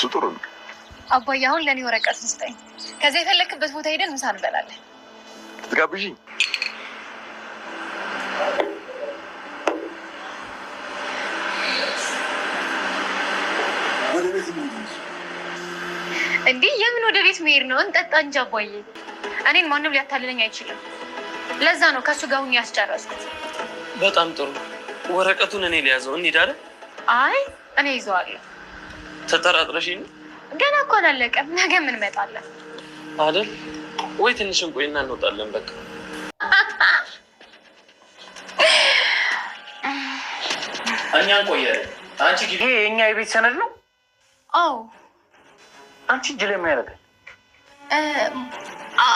እሱ ጥሩ ነው። አባዬ አሁን ለእኔ ወረቀት ስጠኝ። ከዚያ የፈለክበት ቦታ ሄደን ምሳ እንበላለን። ትጋብዥ እንዲህ የምን ወደ ቤት መሄድ ነው? እንጠጣ እንጂ አባዬ። እኔን ማንም ሊያታልለኝ አይችልም። ለዛ ነው ከእሱ ጋር ሁኜ ያስጨረስኩት። በጣም ጥሩ። ወረቀቱን እኔ ሊያዘው እንሂድ አይደል? አይ እኔ ይዘዋለሁ። ተጠራጥረሽ ገና እኮ አላለቀም። ነገ ምን እመጣለሁ አይደል ወይ? ትንሽ እንቆይና እንወጣለን። በቃ እኛ እንቆያለን። አንቺ ይሄ የእኛ የቤት ሰነድ ነው። አዎ አንቺ እጅ ላይ የሚያደርገን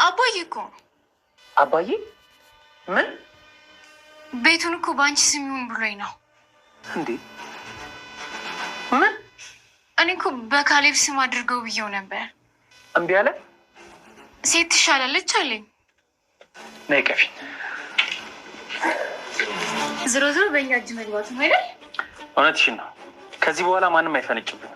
አባዬ እኮ አባዬ ምን ቤቱን እኮ በአንቺ ስም ይሁን ብሎኝ ነው እንዴ እኔ እኮ በካሌብ ስም አድርገው ብዬው ነበር። እምቢ አለ። ሴት ትሻላለች አለኝ። ነይ ቀፊ። ዝሮ ዝሮ በእኛ እጅ መግባቱ አይደል? እውነትሽን ነው። ከዚህ በኋላ ማንም አይፈነጭብን።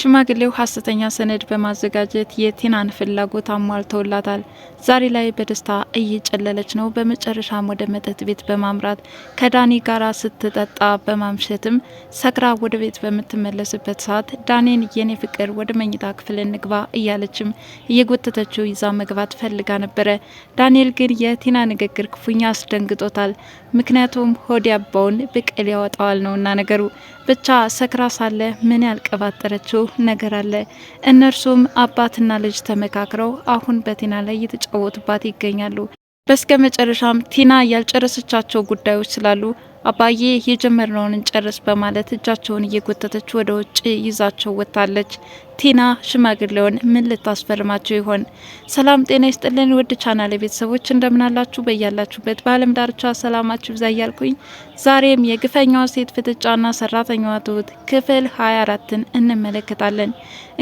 ሽማግሌው ሀሰተኛ ሰነድ በማዘጋጀት የቲናን ፍላጎት አሟልተውላታል። ዛሬ ላይ በደስታ እየጨለለች ነው። በመጨረሻም ወደ መጠጥ ቤት በማምራት ከዳኒ ጋር ስትጠጣ በማምሸትም ሰክራ ወደ ቤት በምትመለስበት ሰዓት ዳኔን የኔ ፍቅር ወደ መኝታ ክፍል እንግባ እያለችም እየጎተተችው ይዛ መግባት ፈልጋ ነበረ። ዳንኤል ግን የቲና ንግግር ክፉኛ አስደንግጦታል። ምክንያቱም ሆድ ያባውን ብቅል ያወጣዋል ነውና ነገሩ ብቻ ሰክራ ሳለ ምን ያልቀባጠረችው ነገር አለ። እነርሱም አባትና ልጅ ተመካክረው አሁን በቲና ላይ እየተጫወቱባት ይገኛሉ። በስከ መጨረሻም ቲና ያልጨረሰቻቸው ጉዳዮች ስላሉ አባዬ የጀመርነውን እንጨርስ በማለት እጃቸውን እየጎተተች ወደ ውጭ ይዛቸው ወጥታለች። ቲና ሽማግሌውን ምን ልታስፈርማቸው ይሆን? ሰላም ጤና ይስጥልን ውድ ቻናል ቤተሰቦች እንደምናላችሁ በያላችሁበት በዓለም ዳርቻ ሰላማችሁ ብዛ እያልኩኝ ዛሬም የግፈኛዋ ሴት ፍጥጫና ሰራተኛዋ ትሁት ክፍል 24ን እንመለከታለን።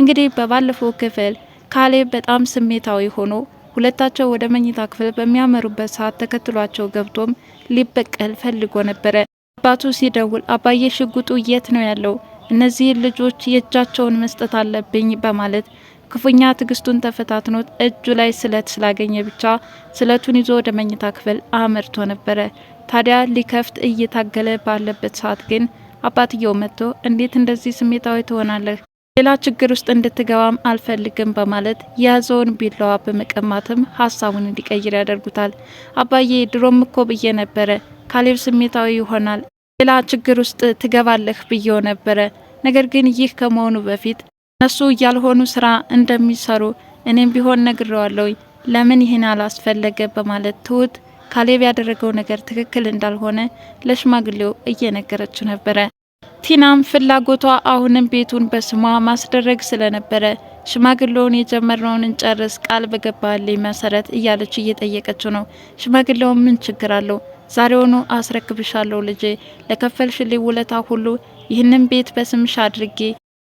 እንግዲህ በባለፈው ክፍል ካሌብ በጣም ስሜታዊ ሆኖ ሁለታቸው ወደ መኝታ ክፍል በሚያመሩበት ሰዓት ተከትሏቸው ገብቶም ሊበቀል ፈልጎ ነበረ። አባቱ ሲደውል አባዬ ሽጉጡ የት ነው ያለው? እነዚህ ልጆች የእጃቸውን መስጠት አለብኝ በማለት ክፉኛ ትዕግስቱን ተፈታትኖት እጁ ላይ ስለት ስላገኘ ብቻ ስለቱን ይዞ ወደ መኝታ ክፍል አመርቶ ነበረ። ታዲያ ሊከፍት እየታገለ ባለበት ሰዓት ግን አባትየው መጥቶ እንዴት እንደዚህ ስሜታዊ ትሆናለህ? ሌላ ችግር ውስጥ እንድትገባም አልፈልግም በማለት የያዘውን ቢላዋ በመቀማትም ሀሳቡን እንዲቀይር ያደርጉታል። አባዬ ድሮም እኮ ብዬ ነበረ፣ ካሌብ ስሜታዊ ይሆናል፣ ሌላ ችግር ውስጥ ትገባለህ ብዬው ነበረ። ነገር ግን ይህ ከመሆኑ በፊት እነሱ ያልሆኑ ስራ እንደሚሰሩ እኔም ቢሆን ነግረዋለሁ። ለምን ይህን አላስፈለገ በማለት ትሁት ካሌብ ያደረገው ነገር ትክክል እንዳልሆነ ለሽማግሌው እየነገረችው ነበረ። ቲናም ፍላጎቷ አሁንም ቤቱን በስሟ ማስደረግ ስለነበረ ሽማግሌውን የጀመርነውን እንጨርስ ቃል በገባልኝ መሰረት እያለች እየጠየቀችው ነው። ሽማግሌውን ምን ችግር አለው? ዛሬውኑ አስረክብሻለሁ ልጄ፣ ለከፈልሽልኝ ውለታ ሁሉ ይህንን ቤት በስምሽ አድርጌ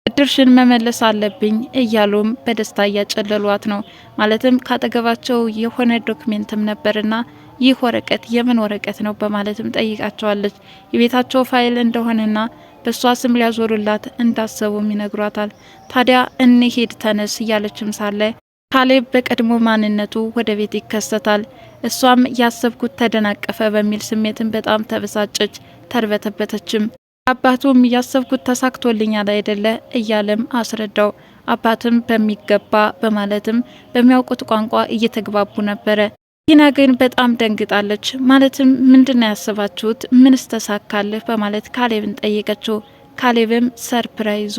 ብድርሽን መመለስ አለብኝ እያሉም በደስታ እያጨለሏት ነው። ማለትም ካጠገባቸው የሆነ ዶክሜንትም ነበርና ይህ ወረቀት የምን ወረቀት ነው በማለትም ጠይቃቸዋለች። የቤታቸው ፋይል እንደሆነና በእሷ ስም ሊያዞሩላት እንዳሰቡም ይነግሯታል። ታዲያ እንሄድ ተነስ እያለችም ሳለ ካሌብ በቀድሞ ማንነቱ ወደ ቤት ይከሰታል። እሷም ያሰብኩት ተደናቀፈ በሚል ስሜትን በጣም ተበሳጨች፣ ተርበተበተችም። አባቱም ያሰብኩት ተሳክቶልኛል አይደለ እያለም አስረዳው። አባትም በሚገባ በማለትም በሚያውቁት ቋንቋ እየተግባቡ ነበረ። ቲና ግን በጣም ደንግጣለች። ማለትም ምንድን ነው ያስባችሁት? ምንስ ተሳካልህ? በማለት ካሌብን ጠየቀችው። ካሌብም ሰርፕራይዙ፣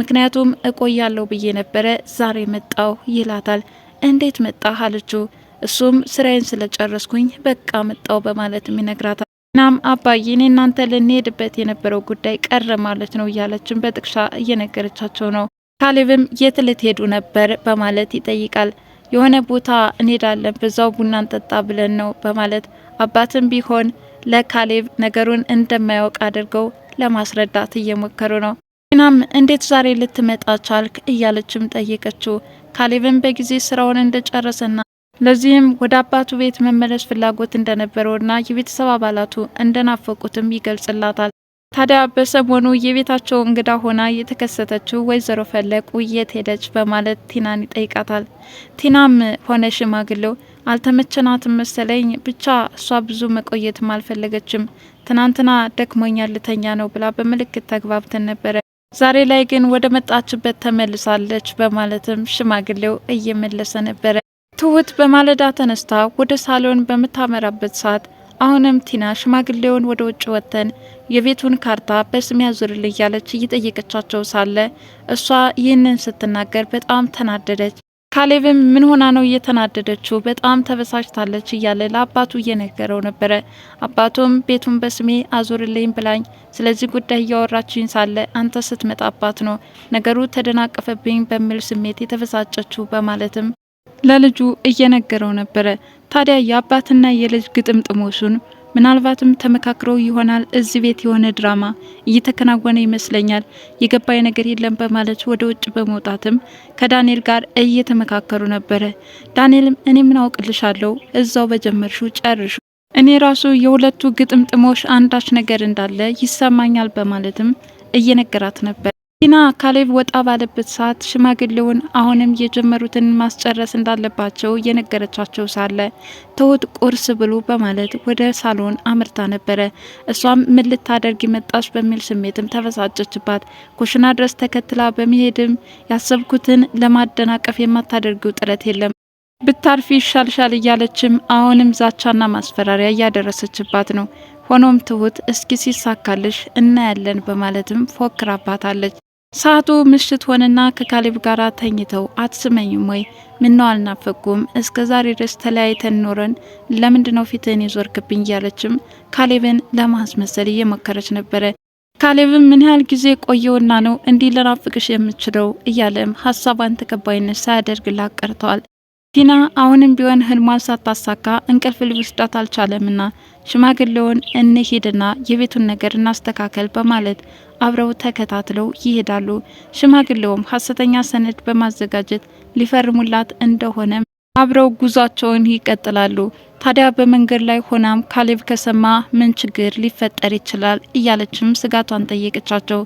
ምክንያቱም እቆያለሁ ብዬ ነበረ ዛሬ መጣሁ ይላታል። እንዴት መጣህ አለችው። እሱም ስራዬን ስለጨረስኩኝ በቃ መጣሁ በማለትም ይነግራታል። እናም አባዬ እኔ እናንተ ልንሄድበት የነበረው ጉዳይ ቀረ ማለት ነው እያለችን በጥቅሻ እየነገረቻቸው ነው። ካሌብም የት ልትሄዱ ነበር በማለት ይጠይቃል። የሆነ ቦታ እንሄዳለን፣ በዛው ቡና እንጠጣ ብለን ነው በማለት አባትም ቢሆን ለካሌብ ነገሩን እንደማያውቅ አድርገው ለማስረዳት እየሞከሩ ነው። ቲናም እንዴት ዛሬ ልትመጣ ቻልክ እያለችም ጠየቀችው። ካሌብን በጊዜ ስራውን እንደጨረሰና ለዚህም ወደ አባቱ ቤት መመለስ ፍላጎት እንደነበረውና የቤተሰብ አባላቱ እንደናፈቁትም ይገልጽላታል። ታዲያ በሰሞኑ የቤታቸው እንግዳ ሆና የተከሰተችው ወይዘሮ ፈለቁ የት ሄደች በማለት ቲናን ይጠይቃታል። ቲናም ሆነ ሽማግሌው አልተመቸናትም መሰለኝ፣ ብቻ እሷ ብዙ መቆየትም አልፈለገችም። ትናንትና ደክሞኛል ልተኛ ነው ብላ በምልክት ተግባብተን ነበረ፣ ዛሬ ላይ ግን ወደ መጣችበት ተመልሳለች በማለትም ሽማግሌው እየመለሰ ነበረ። ትሁት በማለዳ ተነስታ ወደ ሳሎን በምታመራበት ሰዓት አሁንም ቲና ሽማግሌውን ወደ ውጭ ወጥተን የቤቱን ካርታ በስም ያዙርልኝ እያለች እየጠየቀቻቸው ሳለ እሷ ይህንን ስትናገር በጣም ተናደደች። ካሌብም ምን ሆና ነው እየተናደደችው? በጣም ተበሳጭታለች እያለ ለአባቱ እየነገረው ነበረ። አባቱም ቤቱን በስሜ አዙርልኝ ብላኝ፣ ስለዚህ ጉዳይ እያወራችኝ ሳለ አንተ ስትመጣባት ነው ነገሩ ተደናቀፈብኝ በሚል ስሜት የተበሳጨችው በማለትም ለልጁ እየነገረው ነበረ። ታዲያ የአባትና የልጅ ግጥምጥሞሹን ምናልባትም ተመካክረው ይሆናል እዚህ ቤት የሆነ ድራማ እየተከናወነ ይመስለኛል፣ የገባኝ ነገር የለም በማለት ወደ ውጭ በመውጣትም ከዳንኤል ጋር እየተመካከሩ ነበረ። ዳንኤልም እኔ ምን አውቅልሻለሁ እዛው በጀመርሹ ጨርሹ፣ እኔ ራሱ የሁለቱ ግጥምጥሞሽ አንዳች ነገር እንዳለ ይሰማኛል በማለትም እየነገራት ነበር። ቲና ካሌብ ወጣ ባለበት ሰዓት ሽማግሌውን አሁንም የጀመሩትን ማስጨረስ እንዳለባቸው እየነገረቻቸው ሳለ ትሁት ቁርስ ብሉ በማለት ወደ ሳሎን አምርታ ነበረ። እሷም ምን ልታደርግ መጣች በሚል ስሜትም ተበሳጨችባት። ኩሽና ድረስ ተከትላ በመሄድም ያሰብኩትን ለማደናቀፍ የማታደርገው ጥረት የለም ብታርፊ ይሻልሻል እያለችም አሁንም ዛቻና ማስፈራሪያ እያደረሰችባት ነው። ሆኖም ትሁት እስኪ ሲሳካልሽ እናያለን በማለትም ፎክራባታለች። ሰዓቱ ምሽት ሆነና ከካሌብ ጋር ተኝተው አትስመኝም ወይ? ምነው አልናፈቁም? እስከ ዛሬ ድረስ ተለያይተን ኖረን ለምንድ ነው ፊትህን የዞርክብኝ? እያለችም ካሌብን ለማስመሰል እየሞከረች ነበረ። ካሌብም ምን ያህል ጊዜ ቆየውና ነው እንዲህ ልናፍቅሽ የምችለው? እያለም ሀሳቧን ተቀባይነት ሳያደርግላት ቀርተዋል። ቲና አሁንም ቢሆን ህልሟን ሳታሳካ እንቅልፍ ሊወስዳት አልቻለምና ሽማግሌውን እንሄድና የቤቱን ነገር እናስተካከል በማለት አብረው ተከታትለው ይሄዳሉ። ሽማግሌውም ሀሰተኛ ሰነድ በማዘጋጀት ሊፈርሙላት እንደሆነ አብረው ጉዟቸውን ይቀጥላሉ። ታዲያ በመንገድ ላይ ሆናም ካሌብ ከሰማ ምን ችግር ሊፈጠር ይችላል እያለችም ስጋቷን ጠየቀቻቸው።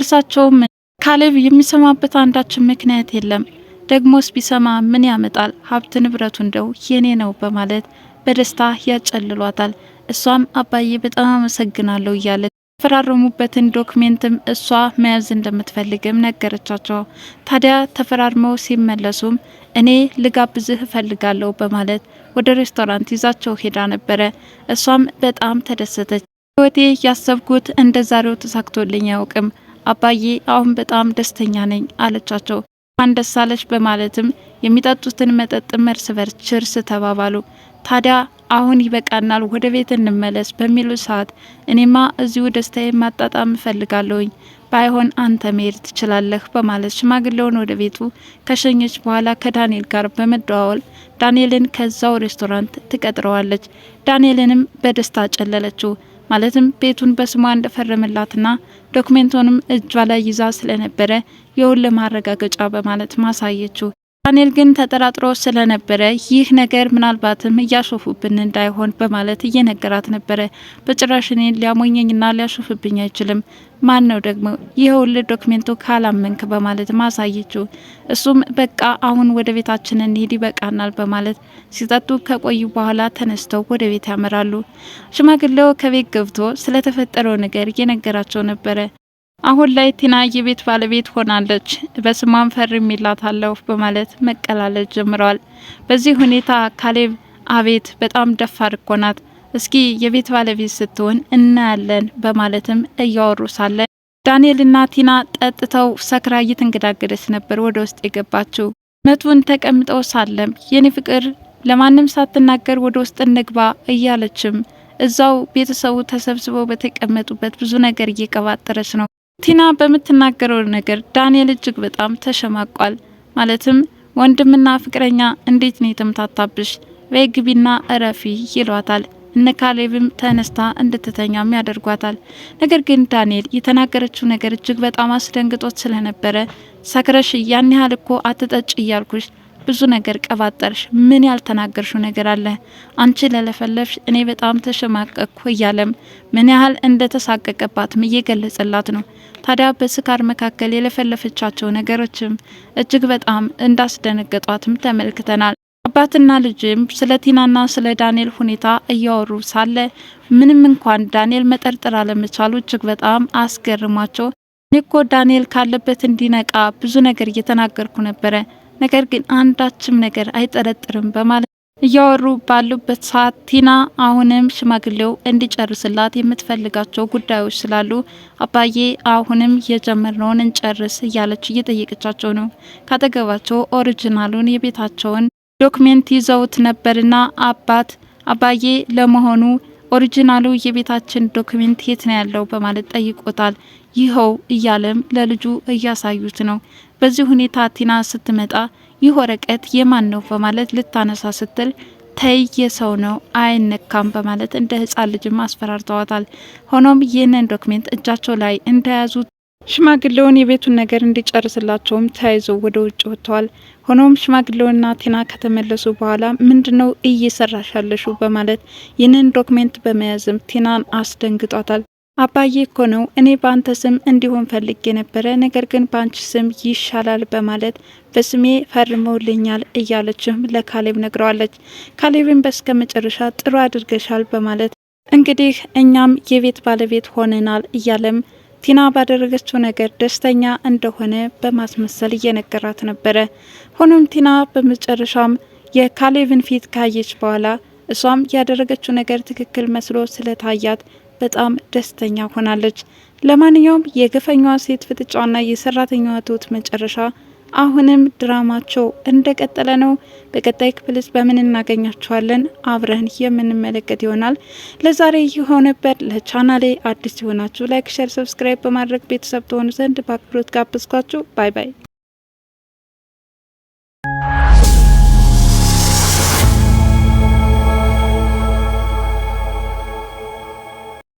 እርሳቸውም ካሌብ የሚሰማበት አንዳችን ምክንያት የለም ደግሞስ ቢሰማ ምን ያመጣል? ሀብት ንብረቱ እንደው የኔ ነው በማለት በደስታ ያጨልሏታል። እሷም አባዬ በጣም አመሰግናለሁ እያለች የተፈራረሙበትን ዶክሜንትም እሷ መያዝ እንደምትፈልግም ነገረቻቸው። ታዲያ ተፈራርመው ሲመለሱም እኔ ልጋብዝህ እፈልጋለሁ በማለት ወደ ሬስቶራንት ይዛቸው ሄዳ ነበረ። እሷም በጣም ተደሰተች። ህይወቴ ያሰብኩት እንደ ዛሬው ተሳክቶልኝ አያውቅም አባዬ አሁን በጣም ደስተኛ ነኝ አለቻቸው። እንኳን ደስ አለሽ በማለትም የሚጠጡትን መጠጥ እርስ በርስ ችርስ ተባባሉ። ታዲያ አሁን ይበቃናል፣ ወደ ቤት እንመለስ በሚሉ ሰዓት እኔማ እዚሁ ደስታዬ ማጣጣም እፈልጋለሁኝ፣ ባይሆን አንተ መሄድ ትችላለህ በማለት ሽማግሌውን ወደ ቤቱ ከሸኘች በኋላ ከዳንኤል ጋር በመደዋወል ዳንኤልን ከዛው ሬስቶራንት ትቀጥረዋለች። ዳንኤልንም በደስታ ጨለለችው። ማለትም ቤቱን በስሟ እንደፈረመላትና ዶክሜንቶንም እጇ ላይ ይዛ ስለነበረ የሁሉ ማረጋገጫ በማለት ማሳየችው። ዳንኤል ግን ተጠራጥሮ ስለነበረ ይህ ነገር ምናልባትም እያሾፉብን እንዳይሆን በማለት እየነገራት ነበረ። በጭራሽ እኔን ሊያሞኘኝና ሊያሾፍብኝ አይችልም፣ ማን ነው ደግሞ ይኸውልህ ዶክሜንቱ ካላመንክ በማለት ማሳየችው። እሱም በቃ አሁን ወደ ቤታችን እንሂድ ይበቃናል በማለት ሲጠጡ ከቆዩ በኋላ ተነስተው ወደ ቤት ያመራሉ። ሽማግሌው ከቤት ገብቶ ስለተፈጠረው ነገር እየነገራቸው ነበረ። አሁን ላይ ቲና የቤት ባለቤት ሆናለች፣ በስሟን ፈርሜላታለሁ በማለት መቀላለ ጀምረዋል። በዚህ ሁኔታ ካሌብ አቤት በጣም ደፋር እኮ ናት እስኪ የቤት ባለቤት ስትሆን እናያለን በማለትም እያወሩ ሳለ ዳንኤልና ቲና ጠጥተው ሰክራ እየተንገዳገደች ነበር ወደ ውስጥ የገባችው። መቱን ተቀምጠው ሳለም የኔ ፍቅር ለማንም ሳትናገር ወደ ውስጥ እንግባ እያለችም እዛው ቤተሰቡ ተሰብስበው በተቀመጡበት ብዙ ነገር እየቀባጠረች ነው። ቲና በምትናገረው ነገር ዳንኤል እጅግ በጣም ተሸማቋል። ማለትም ወንድምና ፍቅረኛ እንዴት ነው የተምታታብሽ? በግቢና እረፊ ይሏታል። እነ ካሌብም ተነስታ እንድትተኛም ያደርጓታል። ነገር ግን ዳንኤል የተናገረችው ነገር እጅግ በጣም አስደንግጦት ስለነበረ ሰክረሽ ያን ያህል እኮ አትጠጭ እያልኩሽ ብዙ ነገር ቀባጠርሽ፣ ምን ያልተናገርሽው ነገር አለ? አንቺ ለለፈለፍሽ እኔ በጣም ተሸማቀቅኩ እያለም ምን ያህል እንደተሳቀቀባትም እየገለጸላት ነው። ታዲያ በስካር መካከል የለፈለፈቻቸው ነገሮችም እጅግ በጣም እንዳስደነገጧትም ተመልክተናል። አባትና ልጅም ስለ ቲናና ስለ ዳንኤል ሁኔታ እያወሩ ሳለ ምንም እንኳን ዳንኤል መጠርጠር አለመቻሉ እጅግ በጣም አስገርማቸው ኒኮ ዳንኤል ካለበት እንዲነቃ ብዙ ነገር እየተናገርኩ ነበረ፣ ነገር ግን አንዳችም ነገር አይጠረጥርም በማለት እያወሩ ባሉበት ሰዓት ቲና አሁንም ሽማግሌው እንዲጨርስላት የምትፈልጋቸው ጉዳዮች ስላሉ አባዬ አሁንም የጀመርነውን እንጨርስ እያለች እየጠየቀቻቸው ነው። ካጠገባቸው ኦሪጂናሉን የቤታቸውን ዶክሜንት ይዘውት ነበርና አባት አባዬ ለመሆኑ ኦሪጂናሉ የቤታችን ዶክሜንት የት ነው ያለው በማለት ጠይቆታል። ይኸው እያለም ለልጁ እያሳዩት ነው። በዚህ ሁኔታ ቲና ስትመጣ ይህ ወረቀት የማን ነው በማለት ልታነሳ ስትል ተይ የሰው ነው አይነካም በማለት እንደ ህፃን ልጅም አስፈራርተዋታል። ሆኖም ይህንን ዶክሜንት እጃቸው ላይ እንደያዙ ሽማግሌውን የቤቱን ነገር እንዲጨርስላቸውም ተያይዘው ወደ ውጭ ወጥተዋል። ሆኖም ሽማግሌውና ቴና ከተመለሱ በኋላ ምንድነው እየሰራሽ ያለሹ በማለት ይህንን ዶክሜንት በመያዝም ቴናን አስደንግጧታል። አባዬ እኮ ነው እኔ በአንተ ስም እንዲሆን ፈልጌ ነበረ፣ ነገር ግን በአንቺ ስም ይሻላል በማለት በስሜ ፈርመውልኛል እያለችም ለካሌብ ነግረዋለች። ካሌብን በስከ መጨረሻ ጥሩ አድርገሻል በማለት እንግዲህ እኛም የቤት ባለቤት ሆነናል እያለም ቲና ባደረገችው ነገር ደስተኛ እንደሆነ በማስመሰል እየነገራት ነበረ። ሆኖም ቲና በመጨረሻም የካሌቭን ፊት ካየች በኋላ እሷም ያደረገችው ነገር ትክክል መስሎ ስለታያት በጣም ደስተኛ ሆናለች። ለማንኛውም የግፈኛዋ ሴት ፍጥጫና የሰራተኛዋ ትሁት መጨረሻ አሁንም ድራማቸው እንደቀጠለ ነው። በቀጣይ ክፍልስ በምን እናገኛቸዋለን? አብረን የምንመለከት ይሆናል። ለዛሬ የሆነበት ለቻናሌ አዲስ የሆናችሁ ላይክ፣ ሸር፣ ሰብስክራይብ በማድረግ ቤተሰብ ተሆኑ ዘንድ በአክብሮት ጋብዝኳችሁ። ባይ ባይ።